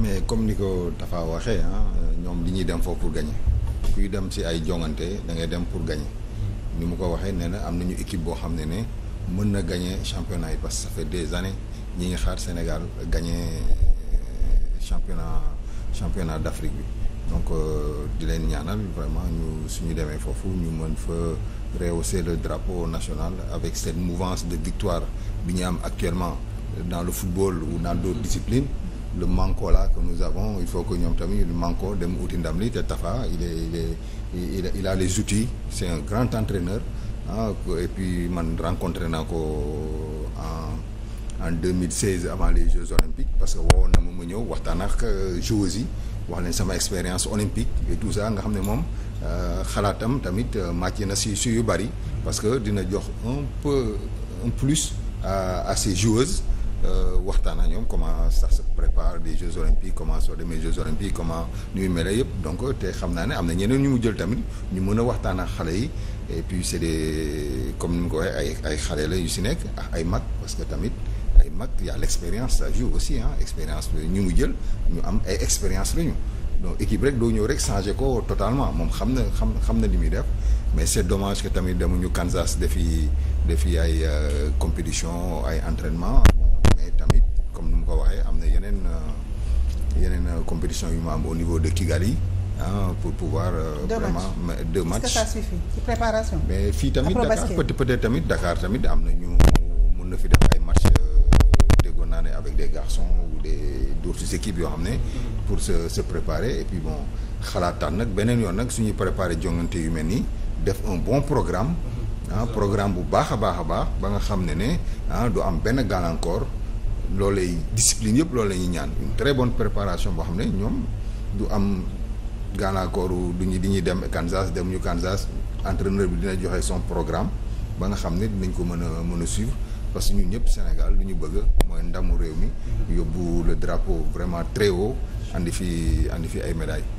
mais comme ni ko dafa waxee ah ñoom li ñuy dem foofu pour gagner kuy dem si ay jongante da ngay dem pour gagner ni mu ko waxee nee na am nañu équipe boo xam ne ne mën na gagner championnat yi parce que ça des années ñi ngi xaar Sénégal gagner euh, championnat championnat d'Afrique bi donc euh, di leen ñaanal vraiment ñu suñu demee foofu ñu mën fa rehausser le drapeau national avec cette mouvance de victoire bi ñu am actuellement dans le football ou dans d'autres le manko là que nous avons il faut que ñoom tamit le manko dem uti ndam li te Tafa il est il est il, il a les outils c'est un grand entraîneur ah et puis man rencontré naa ko en en 2016 avant les Jeux olympiques parce que woowoon na ma ma ñëw waxtaan ak euh, joueuses yi wax leen sama expérience olympique et tout ça nga xam ne moom euh, xalaatam tamit euh, màcc na si si yu bari parce que dina jox un peu un plus à à ces Euh, waxtaan ak ñoom comment ça se prépare des Jeux olympiques comment soo demee Jeux olympiques comment ñuy mel yëpp donc te xam naa ne am na ñeneen ñu mu jël tamit ñu mën a waxtaan ak xale yi et puis c'est des comme ni mu ko waxee ay ay xale la yu si nekk ak ay mag parce que tamit ay mag y a l'expérience ça joue aussi ah ñu mu jël ñu am ay expérience la ñu donc équipe rek doo ñëw rek changé ko totalement moom xam na xam xam na li muy def mais c'est dommage que tamit demuñu Kansas defi defi ay euh, compétition ay entraînement ko waxee am na yeneen euh, yeneen euh, compétition yu mu am au niveau de Kigali ah pour pouvoir. Euh, deux vraiment matchs. deux mais fii tamit Dakar peut tamit Dakar tamit am na ñu mun na fi def ay matchs euh, déggoon naa ne avec des garçons ou des d'autres équipes yoo xam ne. pour se se préparer et puis bon xalaataan nag beneen yoon nag suñuy préparer jongante yu mel nii def un bon programme. ah programme bu baax a baax a baax ba nga xam ne ne ah du am benn gàllankoor. loolu lay discipline yëpp loolu la ñuy ñaan une très bonne préparation boo xam ne ñoom du am gànnaakooru du ñu di ñuy dem Kansas dem ñu Kansas entraîneur bi dina joxe son programme ba nga xam ne dinañ ko mën a mën a suivre parce que ñun ñëpp Sénégal du ñu bëgg mooy ndamu réew mi mm-hmm. yóbbu le drapeau vraiment très haut andi fi fi ay médailles.